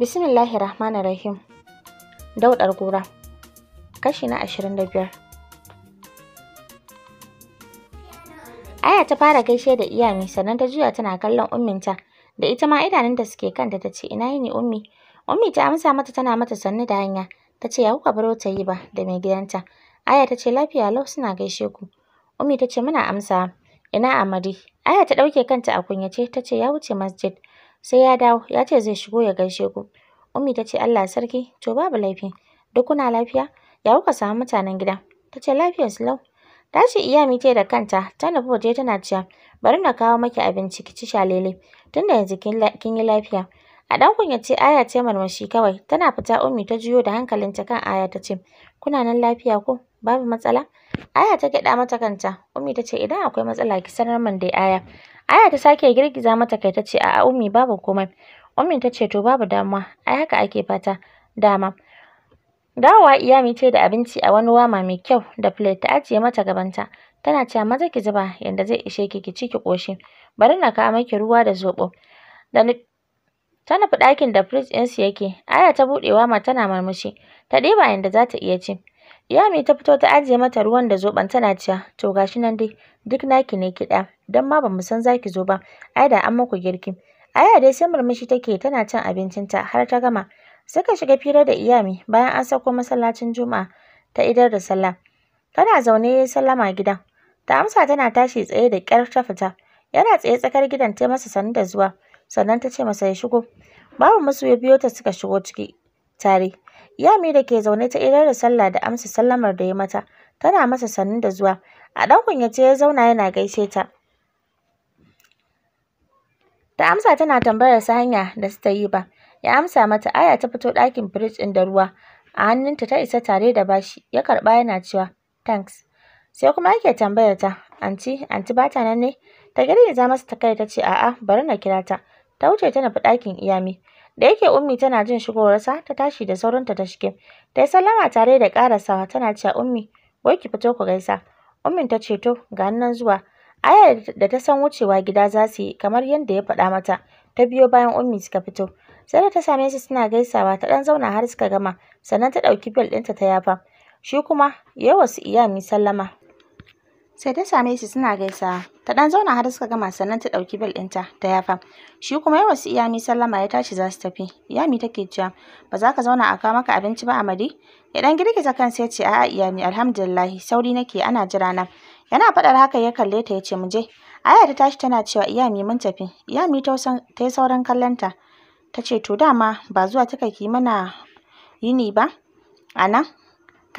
Bismillahi Rahmanir Rahim. Daudar gora. Kashi na 25. Aya ta fara gaishe da iyami sannan ta juya tana kallon umminta da ita ma idanunta suke kanta ta ce ina yini ummi. Ummi ta amsa mata tana mata sannu da hanya ta ce ya kuka baro ta yi ba da mai gidanta. Aya ta ce lafiya lau suna gaishe ku. Ummi ta ce muna amsa ina Amadi. Aya ta ɗauke kanta a kunyace ta ce ya wuce masjid. sai ya dawo ya ce zai shigo ya gaishe ku ummi ta ce allah sarki to babu laifi duk kuna lafiya ya kuka samu mutanen gida ta ce lafiyar su lau ta ce iya da kanta ta nufi waje tana cewa bari na kawo maki abinci ki ci shalele tunda yanzu kin yi lafiya a ɗakun ya ce aya ce marmashi kawai tana fita ummi ta juyo da hankalinta kan aya ta ce kuna nan lafiya ko babu matsala aya ta gyaɗa mata kanta ummi ta ce idan akwai matsala ki sanar min dai aya Aya ta sake girgiza mata kai ta ce a'a ummi babu komai. Ummi ta ce to babu damuwa ai haka ake fata dama. Dawowa iyami ce da abinci a wani wama mai kyau da plate ta ajiye mata gabanta. Tana cewa maza ki zuba yanda zai ishe ki ki ci ki ƙoshi. Bari na kawo miki ruwa da zoɓo. Da ta nufi ɗakin da firij ɗinsu yake. Aya ta buɗe wama tana murmushi. Ta ɗiba yanda za ta iya ci. Iyami ta fito ta ajiye mata ruwan da zoben tana cewa, to gashi nan dai duk naki ne ki ɗaya, don ma bamu san zaki zo ba, ai da an muku girki. Aya dai sai murmushi take tana cin abincin ta. har ta gama. Suka shiga fira da iyami bayan an sako masallacin Juma'a ta idar da sallah. Tana zaune yayi sallama gidan. Ta amsa tana tashi tsaye da kyar ta fita. Yana tsaye tsakar gidan ta masa sannu da zuwa, sannan ta ce masa ya shigo. Babu masu ya biyo ta suka shigo ciki tare. Yami da ke zaune ta idar da sallah da amsa sallamar da ya mata, tana masa sannu da zuwa. A ɗan kunyace ya zauna yana gaishe ta. Ta amsa tana tambayar sa hanya da su ta yi ba. Ya amsa mata aya ta fito ɗakin firij ɗin da ruwa. A hannunta ta isa tare da bashi, ya karɓa yana cewa thanks. Sai kuma yake tambayar ta, anti, anti ba ta nan ne? Ta za masa ta kai ta ce a'a bari na kira ta. Ta wuce ta fi ɗakin Iyami. Da yake Ummi tana jin shigowarsa, ta tashi da saurinta ta shige. Ta yi sallama tare da ƙarasawa tana cewa Ummi, wai ki fito ku gaisa. Ummin ta ce to, ga nan zuwa. Aya da ta san wucewa gida za su yi kamar yadda ya faɗa mata, ta biyo bayan Ummi suka fito. Sai da ta same su suna gaisawa ta ɗan zauna har suka gama, sannan ta ɗauki bel ɗinta ta yafa. Shi kuma ya wasu iyami sallama. Sai ta same su suna gaisawa. ta dan zauna har suka gama sannan ta ɗauki bel dinta ta yafa shi kuma yawa wasu iyami sallama ya tashi za su tafi iyami take cewa ba za ka zauna a kawo maka abinci ba amadi ya dan girgiza kansa ya ce a'a iyami alhamdulillah sauri nake ana jira na yana faɗar haka ya kalle ta ya ce mu je aya ta tashi tana cewa iyami mun tafi iyami ta yi sauran kallon ta ce to dama ba zuwa take ki mana yini ba a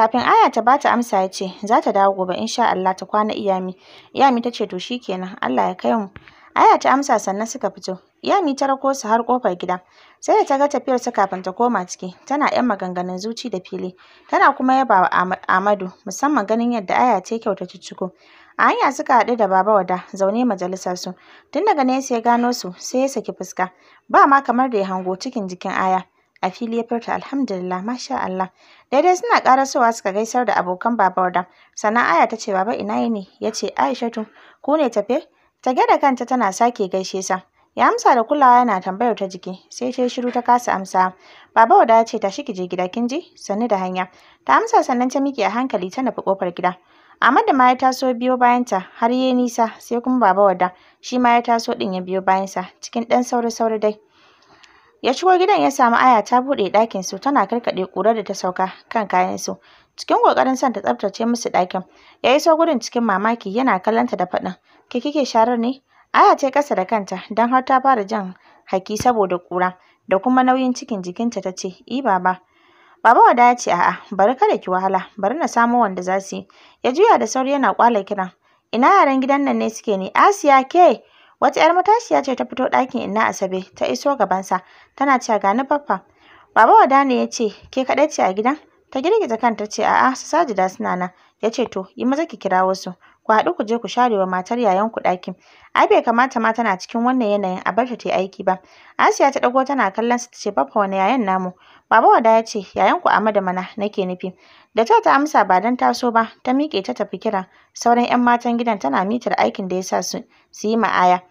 Kafin Aya ta bata amsa ya ce, za ta dawo gobe in sha Allah ta kwana Iyami. Iyami ta ce to shi kenan Allah ya kai mu. Aya ta amsa sannan suka fito. Iyami ta rako su har kofar gida. Sai da ta ga tafiyar su kafin ta koma ciki, tana yan maganganun zuci da fili. Tana kuma yaba wa Amadu musamman ganin yadda Aya ta kyauta cicciko. A hanya suka haɗu da Baba Wada zaune majalisar su. Tun daga nesa ya gano su sai ya saki fuska. Ba ma kamar da ya hango cikin jikin Aya. a fili ya furta alhamdulillah masha Allah daidai suna karasowa suka gaisar da abokan baba Warda sannan Aya ta ce baba ina ne?" ya ce Aishatu ku ne tafe ta gyara kanta tana sake gaishe sa ya amsa da kulawa yana tambayar ta jiki sai ta shiru ta kasa amsa baba wada ya ce tashi ki je gida kin ji sannu da hanya ta amsa sannan ta miƙe a hankali ta nufi kofar gida Ahmad da ma ya taso biyo bayanta har yayi nisa sai kuma baba wada. shi ma ya taso din ya biyo bayansa cikin ɗan sauri-sauri dai Ya shigo gidan ya samu Aya ta buɗe ɗakin su tana karkaɗe ƙurar da ta sauka kan kayan su. Cikin ƙoƙarin son ta tsaftace musu ɗakin, ya iso gurin cikin mamaki yana kallonta da faɗin, "Ke kike sharar ne?" Aya ta ƙasa da kanta don har ta fara jan haki saboda ƙura da kuma nauyin cikin jikinta ta ce, "I baba." Baba Wada ya ce, "A'a, bari kada ki wahala, bari na samo wanda za su yi." Ya juya da sauri yana ƙwala kiran, "Ina yaran gidan nan ne suke ne? Asiya ke!" Wata 'yar matashiya ce ta fito ɗakin Inna Asabe ta iso gabansa tana cewa ga ni baffa. Baba Wadani ne ya ce ke kaɗai ce a gidan? Ta girgiza kanta ce a'a su Sajida suna nan. Ya ce to yi maza ki kira wasu. Ku haɗu ku je ku share wa matar yayanku ɗakin. Ai bai kamata ma tana cikin wannan yanayin a bar ta yi aiki ba. Asiya ta ɗago tana kallon su ta ce baffa wani yayan namu. Baba Wada ya ce yayanku Amadu mana nake nufi. Da ta ta amsa ba don taso ba ta miƙe ta tafi kira sauran 'yan matan gidan tana mitar aikin da ya sa su su yi ma'aya.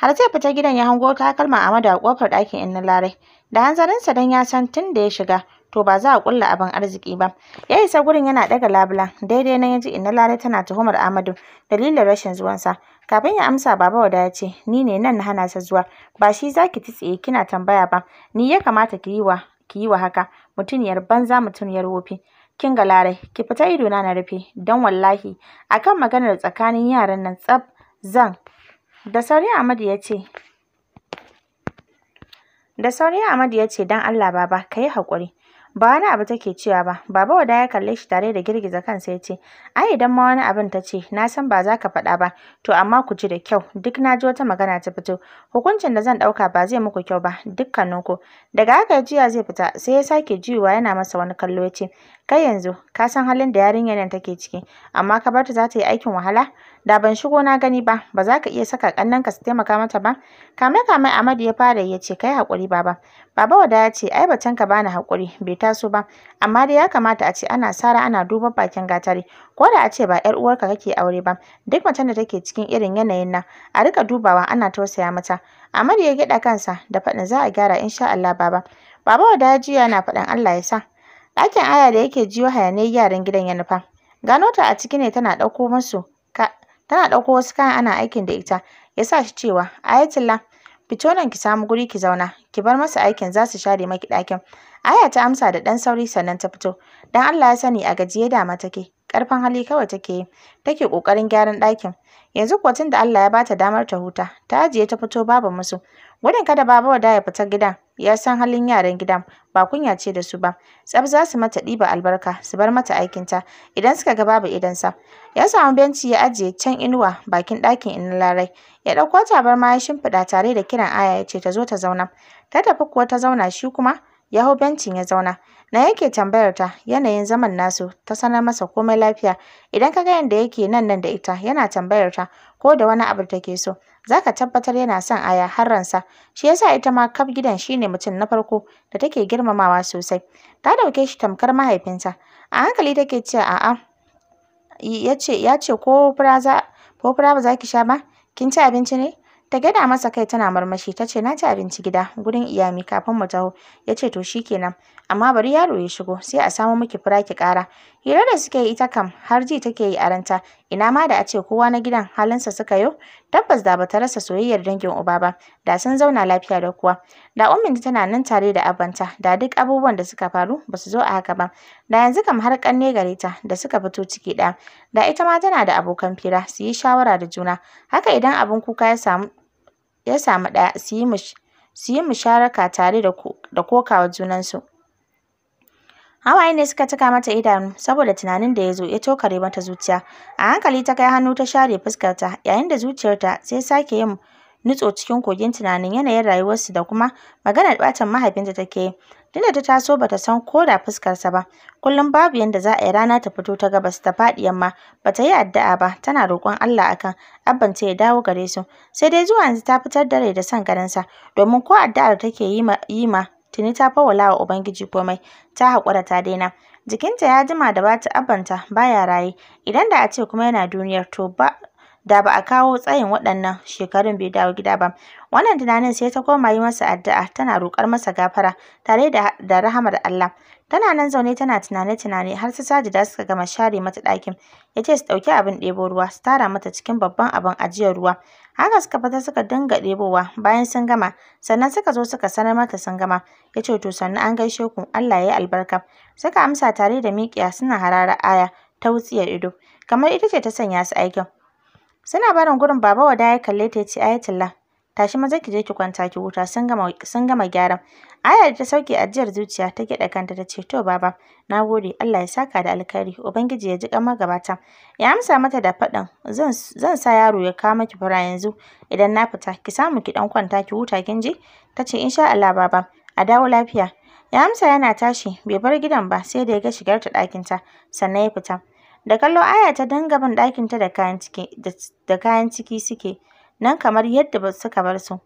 har zai fita gidan ya hango takalma Amadu a kofar ɗakin inna Larai da hanzarin sa dan ya san tun da ya shiga to ba za a kulla abin arziki ba ya isa gurin yana ɗaga labulan daidai nan ya ji inna Larai tana tuhumar Amadu dalilin rashin zuwansa kafin ya amsa baba wada ya ce ni ne nan na hana sa zuwa ba shi za ki tsiye kina tambaya ba ni ya kamata ki yi wa ki yi wa haka mutuniyar banza mutuniyar wofi kin ga Larai ki fita idona na rufe don wallahi akan maganar tsakanin yaran nan tsaf zan Da sauri Amadu ya ce, da sauri Amadu ya ce don Allah baba ka yi haƙuri. Ba wani abu take cewa ba, baba wada ya kalle shi tare da girgiza kansa ya ce, ai idan ma wani abin ta ce, na san ba za ka faɗa ba, to amma ku ji da kyau, duk na ji wata magana ta fito, hukuncin da zan ɗauka ba zai muku kyau ba, dukkaninku. Daga haka jiya zai fita, sai ya sake jiwa yana masa wani kallo ya ce, Kai yanzu ka san halin da yarinyar nan take ciki, amma ka bar ta za ta yi aikin wahala? Da ban shigo na gani ba, ba za ka iya saka ƙannenka su taimaka mata ba? Kame-kame Amadu ya fara ya ce, kai hakuri baba. Baba Wada ya ce, ai bacen ka bani hakuri bai taso ba. Amma dai ya kamata a ce ana sara ana duban bakin gatari. Ko da a ce ba 'yar uwarka kake aure ba, duk macen da take cikin irin yanayin nan, a rika dubawa ana tausaya mata. Amadu ya gyaɗa kansa da faɗin za a gyara insha Allah baba. Baba Wada ya yana faɗin Allah ya sa. ɗakin aya da yake jiyo hayaniyar yaran gidan ya nufa gano ta a ciki ne tana ɗauko musu tana ɗauko wasu kayan ana aikin da ita ya sa shi cewa ayatullah fito nan ki samu guri ki zauna ki bar masu aikin za su share maki ɗakin aya ta amsa da ɗan sauri sannan ta fito dan allah ya sani a gajiye dama take ƙarfin hali kawai take yi take ƙoƙarin gyaran ɗakin yanzu kuwa da allah ya bata damar ta huta ta ajiye ta fito babu musu gudun kada babawa da ya fita gidan ya san halin yaran gidan ba kunya ce da su ba tsaf za su mata ɗiba albarka su bar mata aikinta idan suka ga babu idansa ya samu benci ya ajiye can inuwa bakin ɗakin in larai ya ɗauko tabarma ya shimfiɗa tare da kiran aya ya ce ta zo ta zauna ta tafi kuwa ta zauna shi kuma ya hau bencin ya zauna Na yake tambayar ta yanayin zaman nasu ta sanar masa komai lafiya. Idan ka ga yanda yake nan nan da ita yana tambayar ta ko da wani abu take so. Za ka tabbatar yana son Aya har ransa. Shi yasa ita ma kaf gidan shi ne mutum na farko da take girmamawa sosai. Ta ɗauke shi tamkar mahaifinta. A hankali take cewa a'a ya ce ya ko fura za ko fura ba za ki sha ba? Kin ci abinci ne? Ta gyada masa kai tana marmashi ta ce na ci abinci gida gurin iyami kafin mu taho ya ce to shi kenan amma bari yaro ya shigo sai a samo miki fura ki kara Hira da suke yi ita kam har ji take yi a ranta ina ma da a ce kowa na gidan halinsa suka yau tabbas da bata rasa soyayyar dangin uba ba da sun zauna lafiya da kuwa. da ummin tana nan tare da abanta da duk abubuwan da suka faru ba su zo a haka ba da yanzu kam har kanne gare ta da suka fito ciki ɗaya da ita ma tana da abokan fira su yi shawara da juna haka idan abun kuka ya samu ya samu ɗaya su yi musharaka tare da kokawa junansu Hawaye ne suka cika mata idanu saboda tunanin da ya zo ya tokare mata zuciya. A hankali ta kai hannu ta share fuskarta yayin da zuciyarta sai sake yin nutso cikin kogin tunanin yanayin rayuwarsu da kuma maganar batun mahaifinta take yi. Tunda ta taso bata san ko da fuskarsa ba. Kullum babu yanda za a yi rana ta fito ta gabas ta faɗi yamma. Bata yi addu'a ba tana roƙon Allah akan abbanta ya dawo gare su. Sai dai zuwa yanzu ta fitar da rai da son sa domin ko addu'ar take yi ma tuni ta fawala wa ubangiji komai ta haƙura ta daina jikinta ya jima da bata abanta baya raye idan da a ce kuma yana duniyar to ba da ba a kawo tsayin waɗannan shekarun bai dawo gida ba wannan tunanin sai ta koma yi masa addu'a tana roƙar masa gafara tare da da rahamar Allah tana nan zaune tana tunane-tunane har su sajida suka gama share mata ɗakin ya ce su ɗauki abin ɗebo ruwa su tara mata cikin babban abin ajiyar ruwa Haka suka fita suka dinga ɗebowa bayan sun gama, sannan suka zo suka sanar mata sun gama. Ya ce to sannan an gaishe ku, Allah ya yi albarka. Suka amsa tare da miƙiya suna harara Aya ta wutsiyar ido, kamar ita ce ta sanya su aikin. Suna barin gurin Baba Wada ya kalle ta ya ce ayatullah. tashi maza ki je ki kwanta ki huta sun gama sun gama gyaran ta sauke ajiyar zuciya ta gyaɗa kanta ta ce to baba na gode Allah ya saka da alkhairi ubangiji ya ji kama gabata. ya amsa mata da faɗin zan sa yaro ya kama ki fara yanzu idan na fita ki samu ki dan kwanta ki huta kin je? ta ce insha Allah baba a dawo lafiya ya amsa yana tashi bai bar gidan ba sai da ya ga shigar ta ɗakin ta sannan ya fita da kallo aya ta dinga bin ɗakin ta da kayan ciki suke nan kamar yadda suka bar su.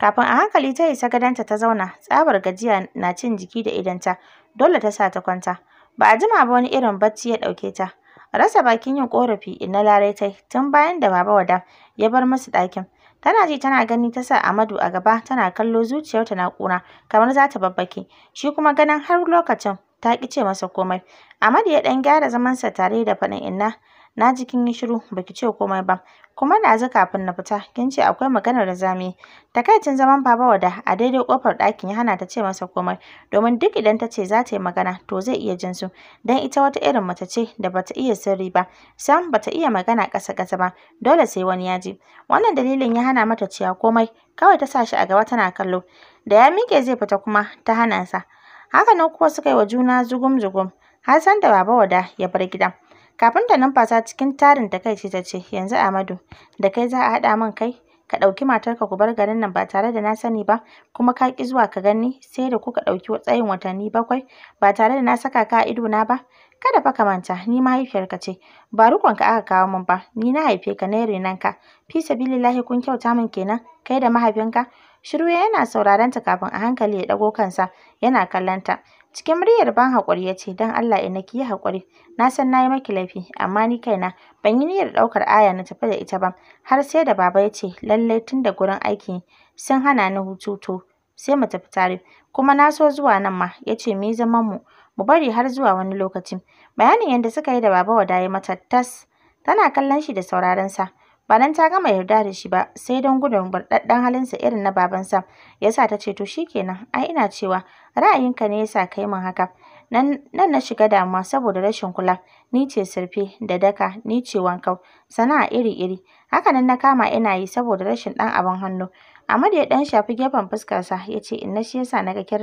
Kafin a hankali ta isa gadonta ta zauna, tsabar gajiya na cin jiki da idonta, dole ta sa ta kwanta. Ba a jima ba wani irin bacci ya ɗauke ta. Rasa bakin yin ƙorafi na Larai ta tun bayan da Baba Wada ya bar musu ɗakin. Tana ji tana gani ta sa Amadu a gaba tana kallo zuciyarta na ƙuna kamar za ta babbake. Shi kuma ganin har lokacin ta ƙi ce masa komai. Amadu ya ɗan gyara zamansa tare da faɗin inna na ji kin yi shiru baki ce komai ba kuma ji kafin na fita kin ce akwai maganar da za yi takaicin zaman baba wada a daidai kofar ɗakin ya hana ta ce masa komai domin duk idan ta ce za ta yi magana to zai iya jin su don ita wata irin mace ce da bata iya sirri ba sam bata iya magana ƙasa ƙasa ba dole sai wani ya ji wannan dalilin ya hana mata cewa komai kawai ta sa shi a gaba tana kallo da ya miƙe zai fita kuma ta hana sa haka nan kuwa suka yi wa juna zugum zugum har san da baba wada ya bar gidan Kafin ta numfasa cikin tarin kai ce ta ce, "Yanzu Amadu, da kai za a haɗa min kai? Ka ɗauki matarka ku bar garin nan ba tare da na sani ba, kuma ka ƙi zuwa ka gani sai da kuka ɗauki tsayin watanni bakwai ba tare da na saka ka a na ba? Kada fa ka manta, ni mahaifiyarka ce, ba ka aka kawo min ba, ni na haife ka na ka. Fi sabilillahi kun kyauta min kenan, kai da mahaifinka." Shiru yana sauraron ta kafin a hankali ya ɗago kansa yana kallon ta. Cikin muryar ban haƙuri ya ce, don Allah ina ki yi haƙuri, na san na yi maki laifi, amma ni kaina ban yi niyyar ɗaukar aya na tafi da ita ba, har sai da baba ya ce lallai tun da gurin aiki sun hana ni hutu to sai mu tafi tare, kuma na so zuwa nan ma, ya ce mu zaman mu, mu bari har zuwa wani lokacin. Bayanin yadda suka yi da baba Wada dayi mata tas, tana kallon shi da sauraron sa. Ba nan ta gama yarda da shi ba sai don gudun burɗaɗɗen halinsa irin na babansa ya sa ta ce to shi kenan ai ina cewa ra'ayinka ne ya sa ka yi min haka. Nan na shiga damuwa saboda rashin kula ni ce sirfe da daka ni ce wankau sana'a iri-iri haka nan na kama ina yi saboda rashin ɗan abin hannu. da ya ɗan shafi gefen fuskar sa yace ce inna shi yasa na ga kin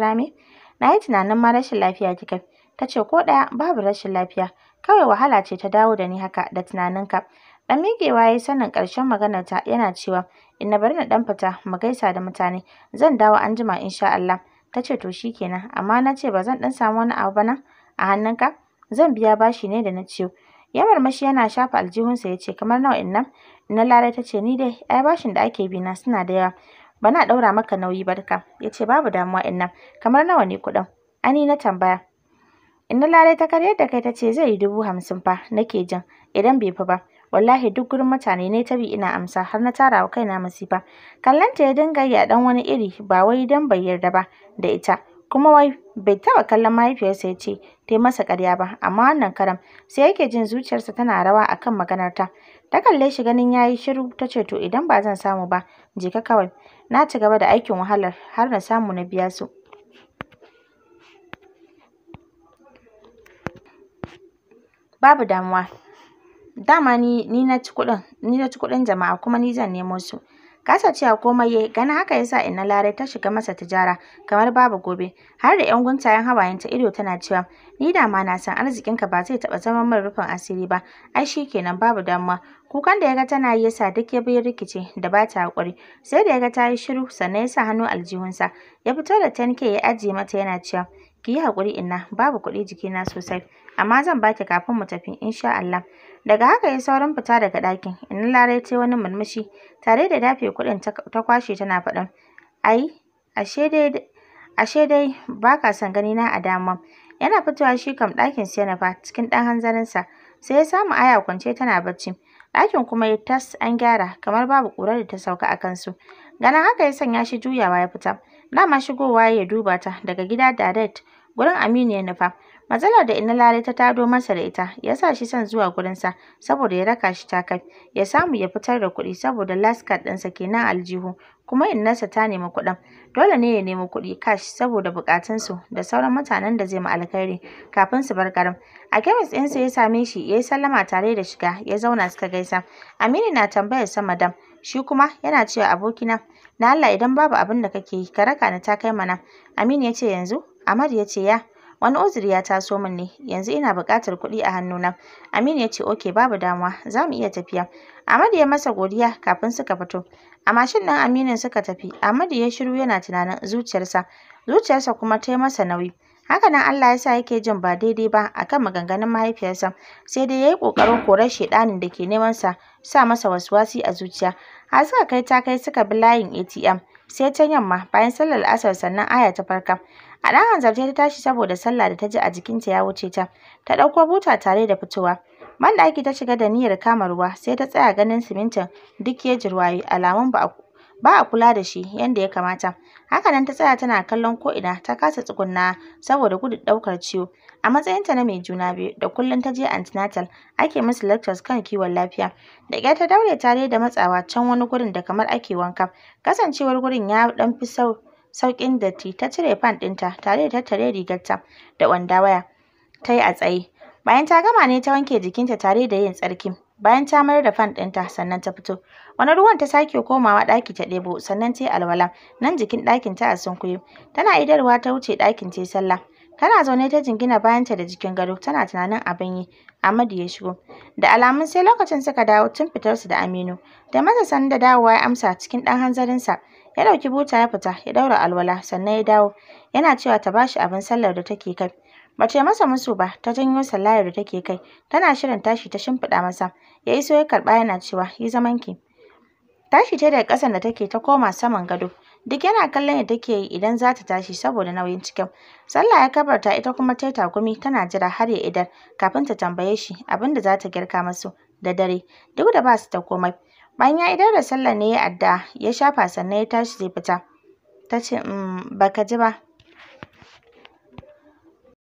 na yi tunanin ma rashin lafiya kika ta ce ko ɗaya babu rashin lafiya kawai wahala ce ta dawo da ni haka da tunaninka Ɗan miƙewa ya yi sanin ƙarshen maganarta yana cewa, ina bari na ɗan fita mu gaisa da mutane, zan dawo anjima jima in Allah. Ta ce to shi kenan, amma na ce ba zan ɗan samu wani abu ba nan a hannunka? Zan biya bashi ne da na ciwo. Ya marmashi yana shafa aljihunsa ya ce kamar nawa inna? Inna Larai ta ce ni dai ai bashin da ake bi na suna da yawa. Bana ɗaura maka nauyi barka. Ya babu damuwa inna, kamar nawa ne kuɗin? Ani na tambaya. Inna Larai ta karyar da kai ta ce zai yi dubu hamsin fa nake jin idan bai fi ba. wallahi duk gurin mutane ne ta bi ina amsa har na tara wa kaina masifa kallanta ya dinga ya dan wani iri ba wai dan bai yarda ba da ita kuma wai bai taba kallon mahaifiyarsa ya ce ta masa karya ba amma wannan karam sai yake jin zuciyarsa tana rawa a kan maganarta ta kalle shi ganin yayi shiru ta ce to idan ba zan samu ba je ka kawai na ci gaba da aikin wahalar har na samu na biya su babu damuwa dama ni ni na ci kuɗin ni na ci kuɗin jama'a kuma ni zan nemo su kasa cewa komai yayi ganin haka yasa inna lare ta shiga masa tijara kamar babu gobe har da yan guntayen hawayen ta ido tana cewa ni da ma na san arzikinka ba zai taba zama min rufin asiri ba ai shi kenan babu damuwa kukan da yaga tana yi sa duk ya bi rikice da ba ta haƙuri sai da yaga ta yi shiru sannan ya sa hannu aljihunsa ya fito da 10 ya ajiye mata yana cewa Ki yi haƙuri inna, babu kuɗi jikina sosai, amma zan baki kafin mu tafi insha Allah. Daga haka ya saurin fita daga ɗakin, inna Larai ta wani murmushi tare da dafe kuɗin ta kwashe tana faɗin, ai, ashe dai ashe dai baka son ganina a dama. Yana fitowa shi kam ɗakin sai na fa cikin ɗan hanzarinsa, sai ya samu Aya kwance tana bacci. Ɗakin kuma ya tas an gyara kamar babu ƙurar da ta sauka a kansu. Ganin haka ya sanya shi juyawa ya fita. Dama shigowa ya duba ta daga gida Direct gurin Aminu ya nufa. Matsalar da ina Lare ta tado masa da ita ya sa shi son zuwa gurin sa, saboda ya raka shi takai, ya samu ya fitar da kuɗi saboda last card sa kenan aljihu kuma innarsa ta nemi kuɗin. Dole ne ya nemi kuɗi cash saboda su da sauran mutanen da zai ma alkhairi kafin su bar garin. A kemis sa ya same shi ya yi sallama tare da shiga ya zauna suka gaisa. Aminu na tambayar sa madam, shi kuma yana cewa abokina Na Allah idan babu abin da kake yi ka raka ni ta kai mana. Aminu ya ce yanzu, Amar ya ce ya. Wani uzuri ya taso min ne, yanzu ina buƙatar kuɗi a hannuna. Aminu ya ce oke babu damuwa, za mu iya tafiya. amadu ya masa godiya kafin suka fito. A mashin ɗin Aminu suka tafi, amadu ya shiru yana tunanin zuciyarsa, zuciyarsa kuma ta yi masa nauyi. Haka nan Allah ya sa yake jin ba daidai ba akan maganganun mahaifiyarsa, sai dai ya yi ƙoƙarin korar shaiɗanin da ke neman sa sa masa waswasi a zuciya. Har suka kai ta kai suka bi layin ATM, sai can yamma bayan sallar la'asar sannan Aya ta farka. A ɗan hanzarce ta tashi saboda sallah da ta ji a jikinta ya wuce ta. Ta ɗauko buta tare da fitowa. Banɗaki ta shiga da niyyar kama ruwa sai ta tsaya ganin simintin duk ya jirwaye alamun ba a ba a kula da shi yanda ya kamata. Haka nan ta tsaya tana kallon ko'ina ta kasa tsugunna saboda gudun ɗaukar ciwo. A matsayinta na mai juna biyu da kullum ta je antenatal ake musu lectures kan kiwon lafiya. Da ƙyar ta daure tare da matsawa can wani gurin da kamar ake wanka. Kasancewar gurin ya ɗan fi sauƙin datti ta cire fan ɗinta tare da tattare rigarta da waya ta yi a tsaye. Bayan ta gama ne ta wanke jikinta tare da yin tsarki. bayan ta mayar da fan ɗinta sannan ta fito. Wani ruwan ta sake komawa ɗaki ta ɗebo sannan ta yi alwala nan jikin ɗakin ta a sunkuyo. Tana idarwa ta wuce ɗakin ta yi sallah. Tana zaune ta jingina bayanta da jikin gado tana tunanin abin yi. Ahmadu ya shigo. Da alamun sai lokacin suka dawo tun fitarsu da Aminu. Da masa sanin da dawowa ya amsa cikin ɗan hanzarinsa. Ya ɗauki buta ya fita ya ɗaura alwala sannan ya dawo. Yana cewa ta bashi abin sallar da take kai. Bace masa musu ba, ta janyo sallayar da take kai. Tana shirin tashi ta shimfiɗa masa. Ya iso ya karɓa yana cewa, yi zaman ki." Tashi ta daga ƙasan da take ta koma saman gado. Duk yana kallon yadda take yi idan za ta tashi saboda nauyin cikin. Sallah ya kabarta ita kuma ta yi takumi tana jira har ya idar kafin ta tambaye shi abin da za ta girka masu da dare. Duk da ba su ta komai. Bayan ya idar da sallah ne ya addu'a ya shafa sannan ya tashi zai fita. Ta ce, mm, baka ji ba.